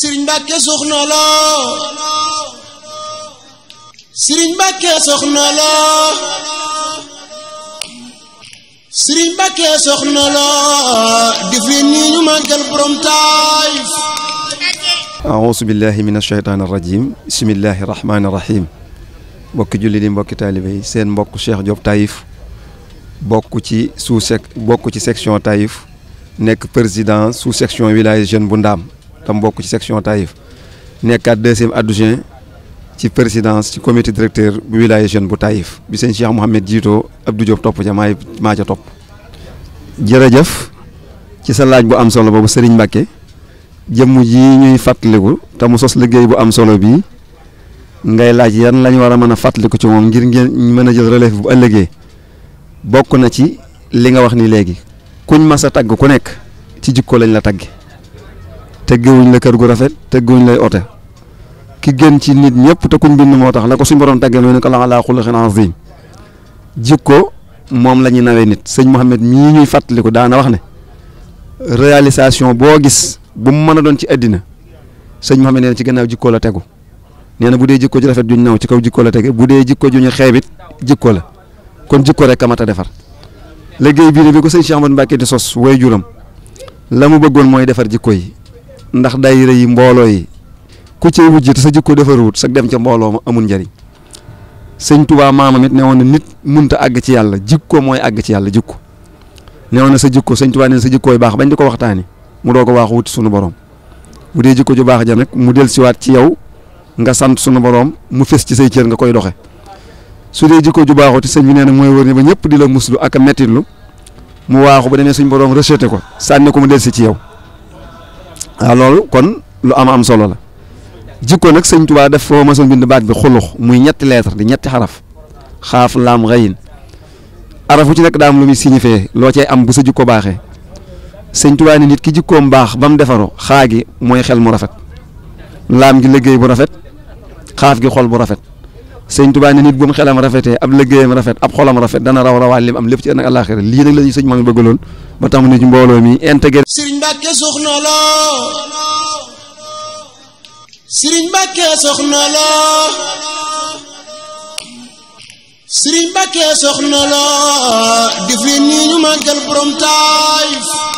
sëriñ Mbàkke Soxna Lo sëriñ Mbàkke Soxna Lo sëriñ Mbàkke Soxna Lo di fi nii ñu màggal borom Taif aousu billahi min asheytaan arrajim bismillahi rahmaani rahim julli di mbokki taalibe seen mbokk Cheikh Diop Taif bokk ci sous sec bokk ci section Taif nekk président sous section village jeune bu Ndaam tam bokk ci section Taïf nekkaat deuxième adjoint ci présidence ci comité directeur bu wilaya jeune bu Taïf bi sëñ Cheikh Mouhamed jiitoo Abdou Diop topp ca maay maa ca topp. jërëjëf ci sa laaj bu am solo boobu sëriñ Mbacke jëmm ji ñuy fàttaliku te mu sos liggéey bu am solo bii ngay laaj yan lañu war a mën a fàttaliku ci moom ngir ngeen mën a jël relève bu ëllëgee bokk na ci li nga wax ni léegi kuñ mas a tagg ku nekk ci jikko lañ la taggi teggewuñ la kër gu rafet teggewuñ lay ote ki gën ci nit ñëpp te kuñ bind moo tax la ko suñu borom tàggee mooy ne ko la alaa xuluqin aziim jikko moom la ñuy nawee nit sëñ Mouhamed mii ñuy fàttaliku daana wax ne réalisation boo gis bu mu mën a doon ci àddina sëñ Mouhamed nee na ci gannaaw jikko la tegu nee na bu dee jikko ju rafet juñ naw ci kaw jikko la tege bu dee jikko ju ñu xeebit jikko la kon jikko rek amat a defar liggéey bii bi ko sëñ Cheikh Ahmadou Mbacké di sos way juram la mu bëggoon mooy defar jikko yi ndax daayira yi mbooloo yi ku ci wujj te sa jikko defaruwut sa dem ca mbooloo ma amul njariñ sëñ Tuubaa maamam it ne woon na nit munta àgg ci yàlla jikko mooy àgg ci yàlla jikko ne woon na sa jikko sëñ Tuubaa ne sa jikkooy baax bañ di ko waxtaani mu doo ko waax wuti sunu borom bu dee jikko ju baax ja nag mu del siwaat ci yow nga sant sunu borom mu fes ci say cër nga koy doxe su dee jikko ju baaxuti sëñ bi nee na mooy wër ne ba ñëpp di la muslu ak a mettitlu mu waaxu ba demee suñ borom rejeté ko sànni ko mu del si ci yow waaw ah, loolu kon lu am am solo la jikko nag sëñ Tuubaa def foo mësoon bind baat bi xulux muy ñetti lettre di ñetti xaraf xaaf laam xayin araf bu ci nekk daa am lu muy signifié loo cay am bu sa jikko baaxee sëñ Tuubaa ni nit ki jikkoom baax ba defaroo xaa gi mooy xel mu rafet laam gi liggéey bu rafet xaaf gi xol bu rafet sëñ Tuubaa ne nit bu mu xelam rafetee ab liggéeyam rafet ab xolam rafet dana raw rawaal li mu am lépp ci nag àllaaxira lii nag la ñuy sëñ moom bëgg lool ba tamu ni ci mbooloo mi intégré sëriñ sëriñ Mbàkke soxna loo sëriñ nii ñu màggal borom Taayif